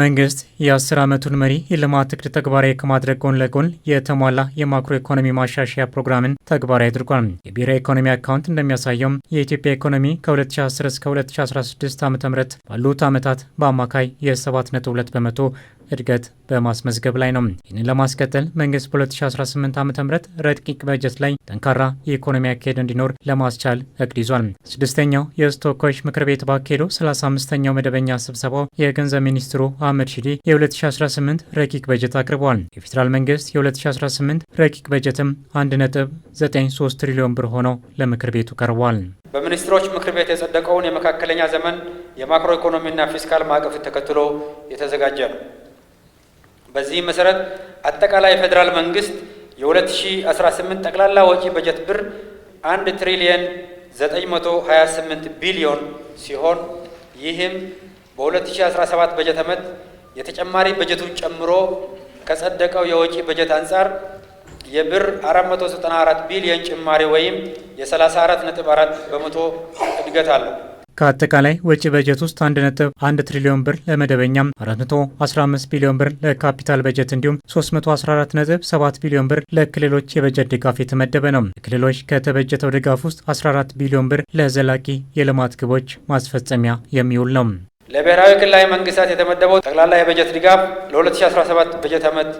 መንግስት የአስር ዓመቱን መሪ የልማት እቅድ ተግባራዊ ከማድረግ ጎን ለጎን የተሟላ የማክሮ ኢኮኖሚ ማሻሻያ ፕሮግራምን ተግባራዊ አድርጓል። የብሔራዊ ኢኮኖሚ አካውንት እንደሚያሳየውም የኢትዮጵያ ኢኮኖሚ ከ2010 እስከ 2016 ዓ ም ባሉት ዓመታት በአማካይ የ7.2 በመቶ እድገት በማስመዝገብ ላይ ነው። ይህንን ለማስቀጠል መንግስት በ2018 ዓ ም ረቂቅ በጀት ላይ ጠንካራ የኢኮኖሚ አካሄድ እንዲኖር ለማስቻል እቅድ ይዟል። ስድስተኛው የስቶኮች ምክር ቤት ባካሄዶ 35ኛው መደበኛ ስብሰባው የገንዘብ ሚኒስትሩ አህመድ ሺዴ የ2018 ረቂቅ በጀት አቅርበዋል። የፌዴራል መንግስት የ2018 ረቂቅ በጀትም 1.93 ትሪሊዮን ብር ሆነው ለምክር ቤቱ ቀርቧል። በሚኒስትሮች ምክር ቤት የጸደቀውን የመካከለኛ ዘመን የማክሮ ኢኮኖሚና ፊስካል ማዕቀፍ ተከትሎ የተዘጋጀ ነው። በዚህ መሰረት አጠቃላይ የፌዴራል መንግስት የ2018 ጠቅላላ ወጪ በጀት ብር 1 ትሪሊየን 928 ቢሊዮን ሲሆን ይህም በ2017 በጀት ዓመት የተጨማሪ በጀቱ ጨምሮ ከጸደቀው የወጪ በጀት አንጻር የብር 494 ቢሊዮን ጭማሪ ወይም የ34.4 በመቶ እድገት አለው። ከአጠቃላይ ወጪ በጀት ውስጥ 1.1 ትሪሊዮን ብር ለመደበኛ፣ 415 ቢሊዮን ብር ለካፒታል በጀት እንዲሁም 314.7 ቢሊዮን ብር ለክልሎች የበጀት ድጋፍ የተመደበ ነው። ክልሎች ከተበጀተው ድጋፍ ውስጥ 14 ቢሊዮን ብር ለዘላቂ የልማት ግቦች ማስፈጸሚያ የሚውል ነው። ለብሔራዊ ክልላዊ መንግስታት የተመደበው ጠቅላላ የበጀት ድጋፍ ለ2017 በጀት ዓመት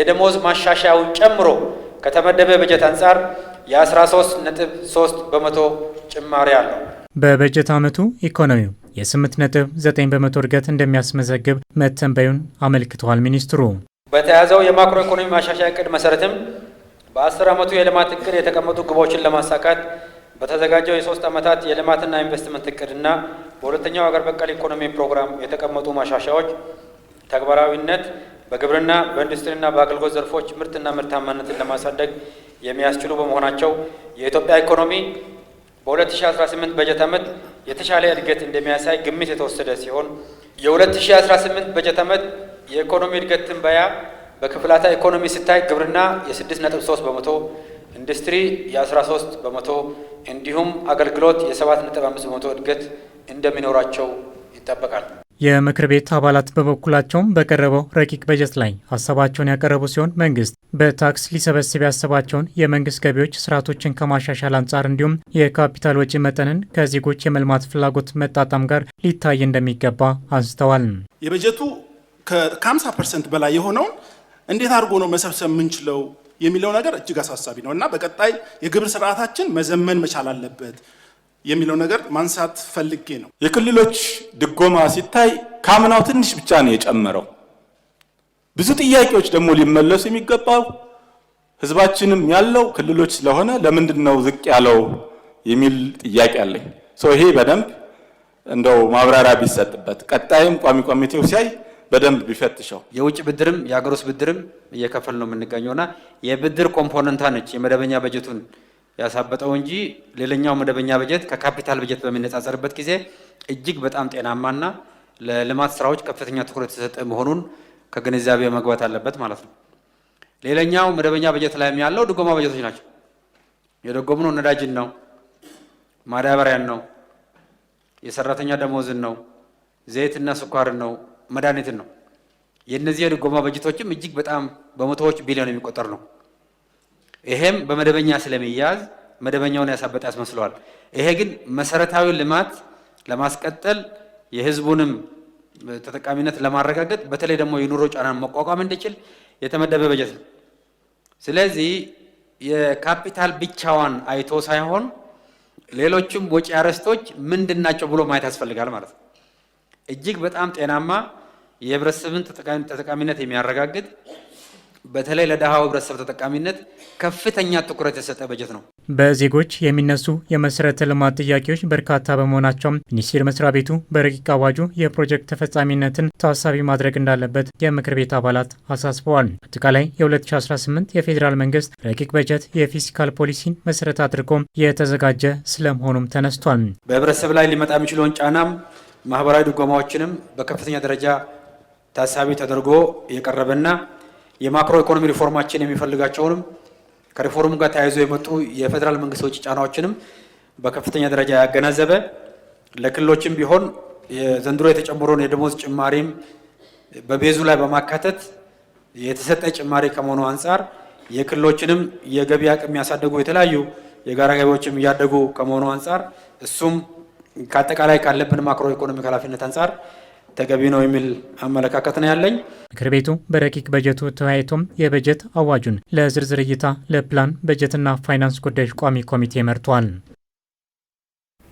የደሞዝ ማሻሻያውን ጨምሮ ከተመደበ በጀት አንጻር የ13 3 በመቶ ጭማሪ አለው። በበጀት ዓመቱ ኢኮኖሚው የ8.9 በመቶ እድገት እንደሚያስመዘግብ መተንበዩን አመልክተዋል ሚኒስትሩ። በተያዘው የማክሮ ኢኮኖሚ ማሻሻያ እቅድ መሰረትም በአስር ዓመቱ የልማት እቅድ የተቀመጡ ግቦችን ለማሳካት በተዘጋጀው የሶስት ዓመታት የልማትና ኢንቨስትመንት እቅድና በሁለተኛው ሀገር በቀል ኢኮኖሚ ፕሮግራም የተቀመጡ ማሻሻያዎች ተግባራዊነት በግብርና በኢንዱስትሪና በአገልግሎት ዘርፎች ምርትና ምርታማነትን ለማሳደግ የሚያስችሉ በመሆናቸው የኢትዮጵያ ኢኮኖሚ በ2018 በጀት ዓመት የተሻለ እድገት እንደሚያሳይ ግምት የተወሰደ ሲሆን የ2018 በጀት ዓመት የኢኮኖሚ እድገት ትንበያ በክፍላታ ኢኮኖሚ ሲታይ ግብርና የ6.3 በመቶ፣ ኢንዱስትሪ የ13 በመቶ እንዲሁም አገልግሎት የ7.5 በመቶ እድገት እንደሚኖራቸው ይጠበቃል። የምክር ቤት አባላት በበኩላቸውም በቀረበው ረቂቅ በጀት ላይ ሀሳባቸውን ያቀረቡ ሲሆን መንግስት በታክስ ሊሰበስብ ያሰባቸውን የመንግስት ገቢዎች ስርዓቶችን ከማሻሻል አንጻር እንዲሁም የካፒታል ወጪ መጠንን ከዜጎች የመልማት ፍላጎት መጣጣም ጋር ሊታይ እንደሚገባ አንስተዋል። የበጀቱ ከ50 ፐርሰንት በላይ የሆነውን እንዴት አድርጎ ነው መሰብሰብ የምንችለው የሚለው ነገር እጅግ አሳሳቢ ነው እና በቀጣይ የግብር ስርዓታችን መዘመን መቻል አለበት። የሚለው ነገር ማንሳት ፈልጌ ነው። የክልሎች ድጎማ ሲታይ ከአምናው ትንሽ ብቻ ነው የጨመረው። ብዙ ጥያቄዎች ደግሞ ሊመለሱ የሚገባው ህዝባችንም ያለው ክልሎች ስለሆነ ለምንድን ነው ዝቅ ያለው የሚል ጥያቄ አለኝ። ይሄ በደንብ እንደው ማብራሪያ ቢሰጥበት፣ ቀጣይም ቋሚ ኮሚቴው ሲያይ በደንብ ቢፈትሸው። የውጭ ብድርም የአገር ውስጥ ብድርም እየከፈል ነው የምንገኘውና የብድር ኮምፖነንታ ነች የመደበኛ በጀቱን ያሳበጠው እንጂ ሌላኛው መደበኛ በጀት ከካፒታል በጀት በሚነጻጸርበት ጊዜ እጅግ በጣም ጤናማና ለልማት ስራዎች ከፍተኛ ትኩረት የተሰጠ መሆኑን ከግንዛቤ መግባት አለበት ማለት ነው። ሌላኛው መደበኛ በጀት ላይ ያለው ድጎማ በጀቶች ናቸው። የደጎምነው ነዳጅን ነው፣ ማዳበሪያን ነው፣ የሰራተኛ ደሞዝን ነው፣ ዘይትና ስኳርን ነው፣ መድኃኒትን ነው። የእነዚህ የድጎማ በጀቶችም እጅግ በጣም በመቶዎች ቢሊዮን የሚቆጠር ነው። ይሄም በመደበኛ ስለሚያዝ መደበኛውን ያሳበጠ ያስመስለዋል። ይሄ ግን መሰረታዊ ልማት ለማስቀጠል የህዝቡንም ተጠቃሚነት ለማረጋገጥ በተለይ ደግሞ የኑሮ ጫናን መቋቋም እንዲችል የተመደበ በጀት ነው። ስለዚህ የካፒታል ብቻዋን አይቶ ሳይሆን ሌሎችም ወጪ አርዕስቶች ምንድን ናቸው ብሎ ማየት ያስፈልጋል ማለት ነው። እጅግ በጣም ጤናማ የህብረተሰብን ተጠቃሚነት የሚያረጋግጥ በተለይ ለድሃው ህብረተሰብ ተጠቃሚነት ከፍተኛ ትኩረት የሰጠ በጀት ነው። በዜጎች የሚነሱ የመሰረተ ልማት ጥያቄዎች በርካታ በመሆናቸውም ሚኒስቴር መስሪያ ቤቱ በረቂቅ አዋጁ የፕሮጀክት ተፈጻሚነትን ታሳቢ ማድረግ እንዳለበት የምክር ቤት አባላት አሳስበዋል። አጠቃላይ የ2018 የፌዴራል መንግስት ረቂቅ በጀት የፊስካል ፖሊሲን መሰረት አድርጎ የተዘጋጀ ስለመሆኑም ተነስቷል። በህብረተሰብ ላይ ሊመጣ የሚችለውን ጫናም ማህበራዊ ድጎማዎችንም በከፍተኛ ደረጃ ታሳቢ ተደርጎ የቀረበና የማክሮ ኢኮኖሚ ሪፎርማችን የሚፈልጋቸውንም ከሪፎርሙ ጋር ተያይዞ የመጡ የፌዴራል መንግስት ወጪ ጫናዎችንም በከፍተኛ ደረጃ ያገናዘበ ለክልሎችም ቢሆን ዘንድሮ የተጨመረውን የደሞዝ ጭማሪም በቤዙ ላይ በማካተት የተሰጠ ጭማሪ ከመሆኑ አንጻር የክልሎችንም የገቢ አቅም ያሳደጉ የተለያዩ የጋራ ገቢዎችም እያደጉ ከመሆኑ አንጻር እሱም ከአጠቃላይ ካለብን ማክሮ ኢኮኖሚክ ኃላፊነት አንጻር ተገቢ ነው የሚል አመለካከት ነው ያለኝ። ምክር ቤቱ በረቂቅ በጀቱ ተወያይቶም የበጀት አዋጁን ለዝርዝር እይታ ለፕላን በጀትና ፋይናንስ ጉዳዮች ቋሚ ኮሚቴ መርቷል።